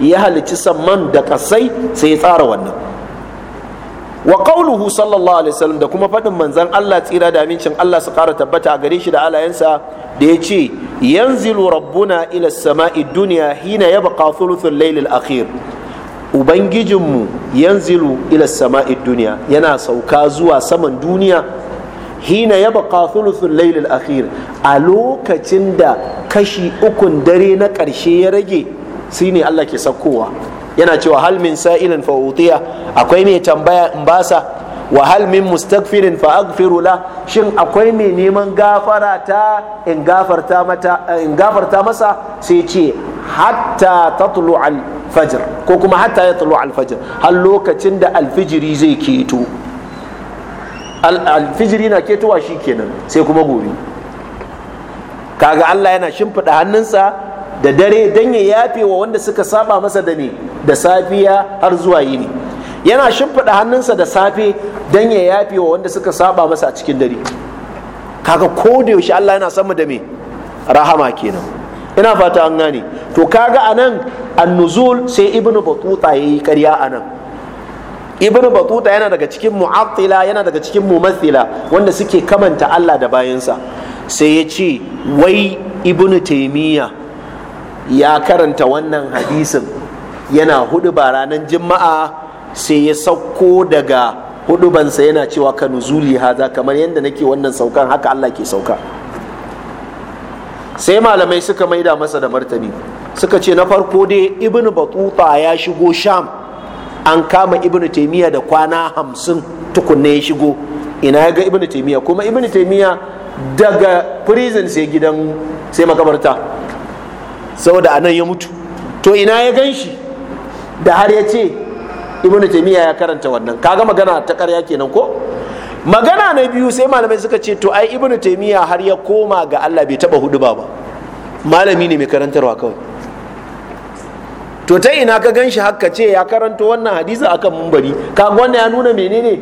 ya halici samman da kasai sai ya tsara wannan wa qauluhu sallallahu alaihi wasallam da kuma faɗin manzon Allah tsira da amincin Allah su ƙara tabbata a gare shi da alayensa da ya ce yanzilu rabbuna ila sama'i duniya hina yabqa thuluthul laylil akhir ubangijinmu yanzilu ila sama'i duniya yana sauka zuwa saman duniya hina ya baka thuluthul lailil akhir a lokacin da kashi ukun dare na ƙarshe ya rage ne Allah ke saukowa yana cewa hal min sa'ilin fa akwai mai tambaya in basa wa hal min mustaghfirin fa aghfiru la shin akwai mai neman gafara ta in gafarta mata in gafarta masa sai ce hatta tatlu al fajr ko kuma hatta yatlu al fajr har lokacin da alfijiri zai keto alfijiri na ketowa shi kenan sai kuma gobe kaga Allah yana shimfiɗa hannunsa da dare don ya yafe wa wanda suka saba masa da ne da safiya har zuwa yini yana shimfiɗa hannunsa da safe don ya yafe wa wanda suka saba masa a cikin dare kaga ko da yaushe Allah yana sama da me rahama kenan ina fata an gane to kaga anan annuzul sai ibnu batuta yayi ƙarya anan ibn batuta yana daga cikin mu'attila yana daga cikin mumathila wanda suke kamanta Allah da bayansa sai ya ce wai ibn taimiyya ya karanta wannan hadisin yana hudu ba ranar Juma'a. sai ya sauko daga hudubansa yana cewa ka nuzuli haza kamar yadda nake wannan saukan haka Allah ke sauka sai malamai suka maida masa da martani suka ce na farko dai ibn batuta ya shigo sham an kama ibnu taimiyya da kwana hamsin tukunne ya shigo ina ya ga ibnu taimiyya kuma ibnu taimiyya daga prison sai gidan sai makabarta saboda anan ya mutu to ina ya gan shi da har ya ce ibnu taimiyya ya karanta wannan kaga magana ta karya kenan ko magana na biyu sai malamai suka ce to ai ibnu taimiyya har ya koma ga Allah bai taba hudu ba malami ne mai karantarwa kawai to ta ina ka gan shi haka ce ya karanto wannan hadisi akan mumbari ka wannan ya nuna menene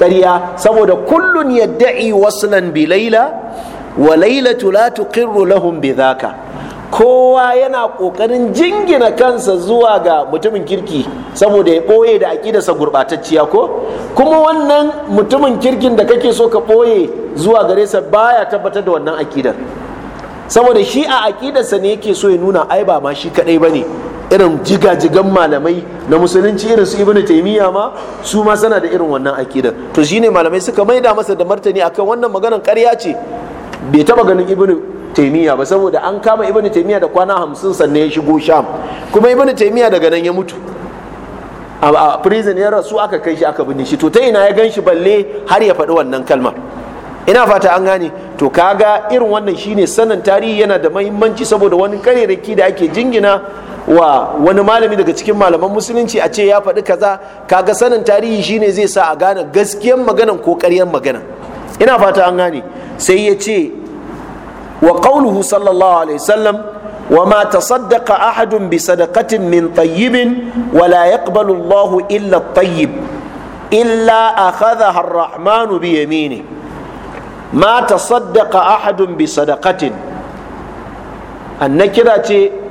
ƙarya saboda kullun wasu waslan bi laila wa lailatu la tuqirru lahum bi dhaka kowa yana kokarin jingina kansa zuwa ga mutumin kirki saboda ya boye da aƙidarsa gurɓatacciya ko kuma wannan mutumin kirkin da kake so ka boye zuwa gare sa baya tabbatar da wannan aƙidar saboda shi a aƙidarsa ne yake so ya nuna ai ba ma shi kaɗai bane irin jigajigan malamai na musulunci irin su Ibn taimiyya ma su ma sana da irin wannan akidar to shine malamai suka maida masa da martani akan wannan maganar karya ce bai taba ganin Ibn taimiyya ba saboda an kama Ibn taimiyya da kwana hamsin sannan ya shigo sham kuma Ibn taimiyya daga nan ya mutu a prison ya rasu aka kai shi aka binne shi to ta ina ya gan shi balle har ya faɗi wannan kalma ina fata an gane to kaga irin wannan shine sanin tarihi yana da mahimmanci saboda wani kare da ake jingina wa wani malami daga cikin malaman musulunci a ce ya faɗi kaza kaga sanin tarihi shine zai sa a gane gaskiyan maganan ko ƙaryan maganan ina fata an gane sai ya ce wa qauluhu sallallahu alaihi wasallam wa ma tasaddaqa ahadun bi sadaqatin min tayyibin wa la yaqbalu Allahu illa at-tayyib illa akhadhaha ar-rahmanu bi yamini ma tasaddaqa ahadun bi sadaqatin annakira ce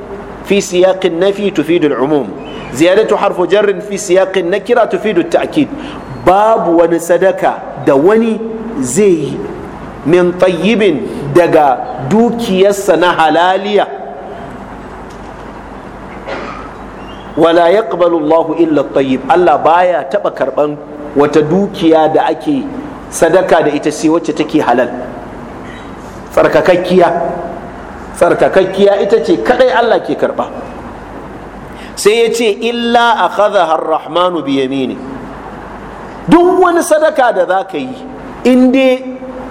في سياق النفي تفيد العموم زيادة حرف جر في سياق النكرة تفيد التأكيد باب ونسدك دواني زي من طيب دقا دوكي السنة حلالية ولا يقبل الله إلا الطيب الله بايا تبكر بان وتدوكي دا أكي صدقة دا إتسي وتتكي حلال فركككيا tsarkakakkiya ita ce kadai Allah ke karba sai ya ce illa a har rahmanu biyamini duk wani sadaka da za ka yi inda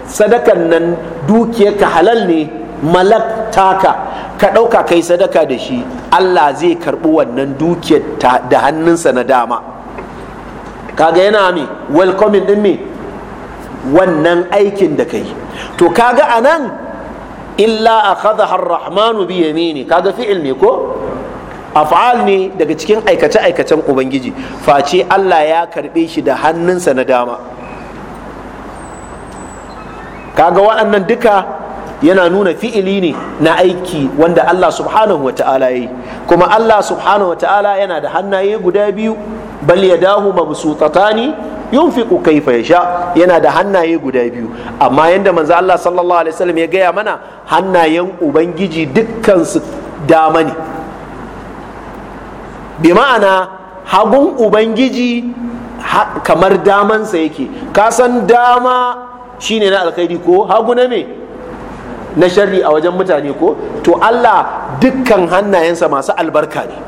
sadakan nan dukiyarka halal ne malak taka ka ɗauka kai sadaka da shi Allah zai karɓi wannan dukiyar da hannunsa na dama kaga yana me welcoming din me wannan aikin da ka yi to kaga a nan illa akhadha ar-rahmanu bi yamini kaga fi'il ne ko af'al ne daga cikin aikace aikacen ubangiji face Allah ya karbe shi da hannunsa na dama kaga waɗannan duka yana nuna fi'ili ne na aiki wanda Allah subhanahu wa ta'ala yi kuma Allah subhanahu wa ta'ala yana da hannaye guda biyu bal dahu mabsutatani yunfiqu kaifa yasha yana da hannaye guda biyu amma yanda manzo Allah sallallahu alaihi wasallam ya gaya mana hannayen ubangiji dukkan su dama ne bi ma'ana hagun ubangiji ha, kamar damansa yake kasan dama shine na alkhairi ko hagu na me na sharri a wajen mutane ko to Allah dukkan hannayensa masu albarka ne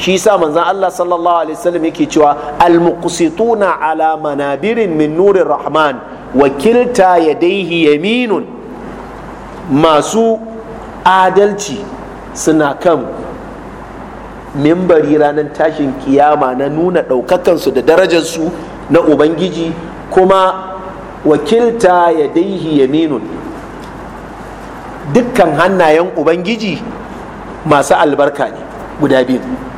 shi sa manzan Allah sallallahu alaihi wasallam yake cewa al-muqsituna ala manabirin min nurir rahman wa kilta yadayhi yaminun masu adalci suna kan mimbari ranar tashin kiyama na nuna ɗaukakansu da darajarsu na ubangiji kuma wakilta ya daihi yaminun dukkan hannayen ubangiji masu albarka ne guda biyu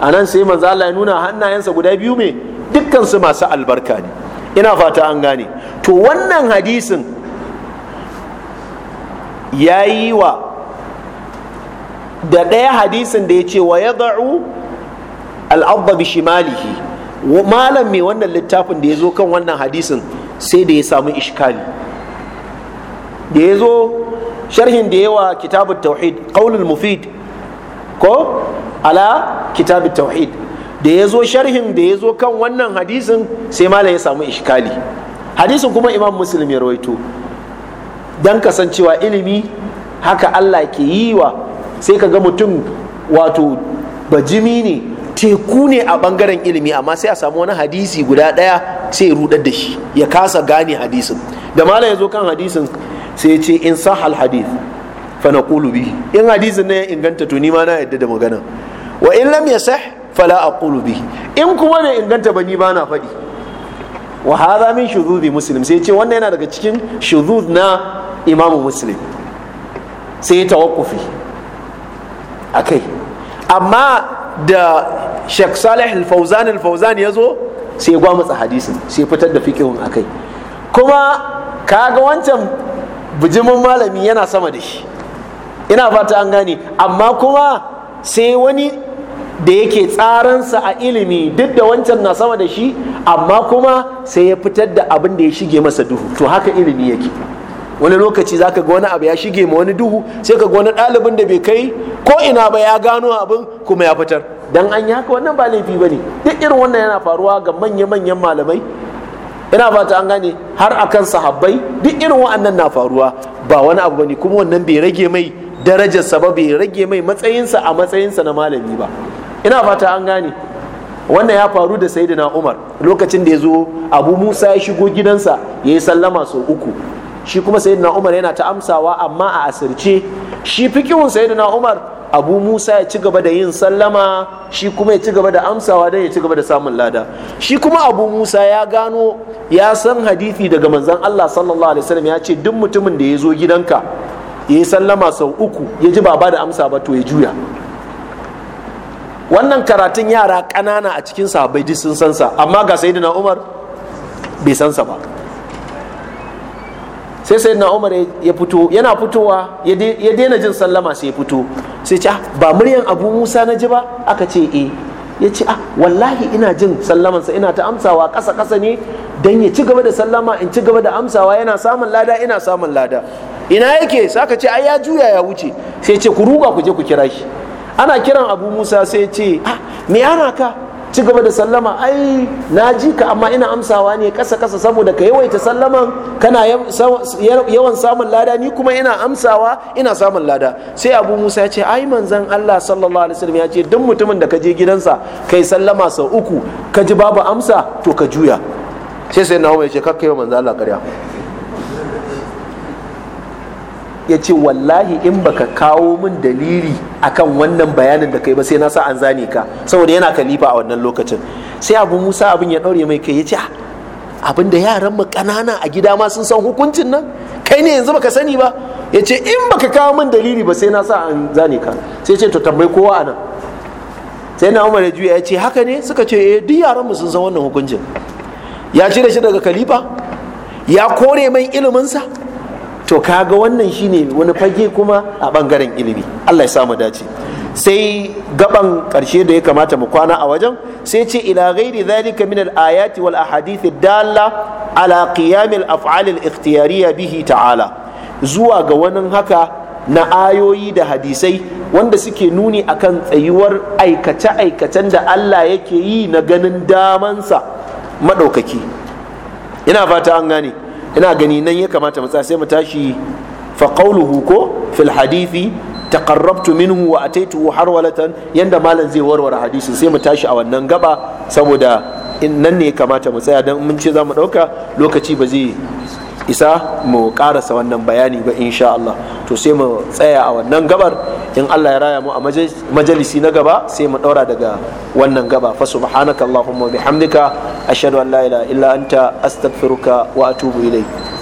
a nan sai manzo Allah ya nuna hannayensa guda biyu me dukkan masu albarka ne ina fata an gane to wannan hadisin ya yi wa da ɗaya hadisin da ya ce wa ya da'u al'abba bi shimalihi malam mai wannan littafin da ya zo kan wannan hadisin sai da ya samu ishkali da ya zo sharhin da yawa kitabun tauhid qaulul mufid ko ala kitabit tauhid da ya zo sharhin da ya zo kan wannan hadisin sai malam ya samu ishkali hadisin kuma imam muslim ya rawaito don kasancewa ilimi haka allah ke yi wa sai ka ga mutum wato bajimi ne teku ne a bangaren ilimi amma sai a samu wani hadisi guda ɗaya sai rudar da shi ya kasa gane hadisin da malam ya zo kan hadisin sai ce in sahal hadith fa naqulu bihi in hadisin na ya inganta to ni ma na yadda da magana wa in lam yasah fala aqulu bihi in kuma bai inganta ba ni ba na faɗi wa hadha min shududi muslim sai ce wannan yana daga cikin shudud na imamu muslim sai ya tawakkufi akai amma da Sheikh Salih al-Fauzan al-Fauzan yazo sai ya gwamutsa hadisin sai fitar da fiqhun akai kuma kaga wancan bijimin malami yana sama da shi ina fata an gane amma kuma sai wani da yake tsaransa a ilimi duk da wancan na sama da shi amma kuma sai ya fitar da abin da ya shige masa duhu to haka ilimi yake wani lokaci zaka ga wani abu ya shige ma wani duhu sai ka ga wani ɗalibin da bai kai ko ina ba ya gano abin kuma ya fitar dan an yi haka wannan ba laifi ba ne duk irin wannan yana faruwa ga manya-manyan malamai ina ta an gane har a kan sahabbai duk irin wa'annan na faruwa ba wani abu bane kuma wannan bai rage mai darajarsa ba bai rage mai matsayinsa a matsayinsa na malami ba ina fata an gane wannan ya faru da sayyidina umar lokacin da ya zo abu musa ya shigo gidansa ya yi sallama sau uku shi kuma sayyidina umar yana ta amsawa amma a asirce shi fikihun sayyidina umar abu musa ya ci gaba da yin sallama shi kuma ya ci gaba da amsawa don ya ci gaba da samun lada shi kuma abu musa ya gano ya san hadithi daga manzon allah sallallahu alaihi wasallam ya ce duk mutumin da ya zo gidanka ya yi sallama sau uku ya ji baba da amsa ba to ya juya wannan karatun yara ƙanana a cikin sahabbai ji sun sansa amma ga sayyidina umar bai sansa ba sai sayyidina umar ya fito yana fitowa ya daina jin sallama sai ya fito sai ce ah, ba muryan abu musa na ji ba aka ce eh ya ce ah wallahi ina jin sallamansa ina ta amsawa ƙasa ƙasa ne don ya ci gaba da sallama in ci gaba da amsawa yana samun lada ina samun lada ina yake saka ce ai ya juya ya wuce sai ce ku ruga ku je ku kira shi ana kiran abu musa sai ce ah me ana ka ci gaba da sallama ai na ji ka amma ina amsawa ne kasa kasa saboda ka yawaita sallaman kana yawan samun lada ni kuma ina amsawa ina samun lada sai abu musa ya ce ai manzan allah sallallahu alaihi wasallam ya ce duk mutumin da ka je gidansa kai sallama sau uku ka ji babu amsa to ka juya sai sai na ya ce kakkai wa manzan allah karya ya ce wallahi in baka kawo min dalili akan wannan bayanin da kai ba sai na sa an zane ka saboda yana kalifa a wannan lokacin sai abu musa abin ya ɗaure mai kai ya ce ah, abin da yaran mu ƙanana a gida ma sun san hukuncin nan kai ne yanzu baka sani ba ya ce in baka kawo min dalili ba sai na sa an zane ka sai ce to tambayi kowa a nan sai na umar ya juya ya ce haka ne suka ce eh duk yaran mu sun san wannan hukuncin ya cire shi daga kalifa ya kore mai iliminsa to kaga wannan shine wani fage kuma a bangaren ilimi Allah ya samu dace sai gaban karshe da ya kamata mu kwana a wajen sai ce ila ghairi dhalika min al ayati wal ahadith dalla ala qiyam al af'al al ikhtiyariyya bihi ta'ala zuwa ga wani haka na ayoyi da hadisai wanda suke nuni akan tsayuwar aikace-aikacen da Allah yake yi na ganin damansa madaukaki. ina fata an gane ina gani nan ya kamata mu sai mu tashi fa qawluhu ko fil hadithi taqarrabtu minhu wa ataituhu harwalatan yanda malam zai warware hadisin sai mu tashi a wannan gaba saboda nan ne ya kamata mu tsaya dan mun ce za mu dauka lokaci ba zai isa mu karasa wannan bayani ba insha Allah to sai mu tsaya a wannan gabar in Allah ya raya mu a majalisi na gaba sai mu daura daga wannan gaba fa subhanaka allahumma bihamdika ashhadu an la ilaha illa anta astaghfiruka wa atubu ilayk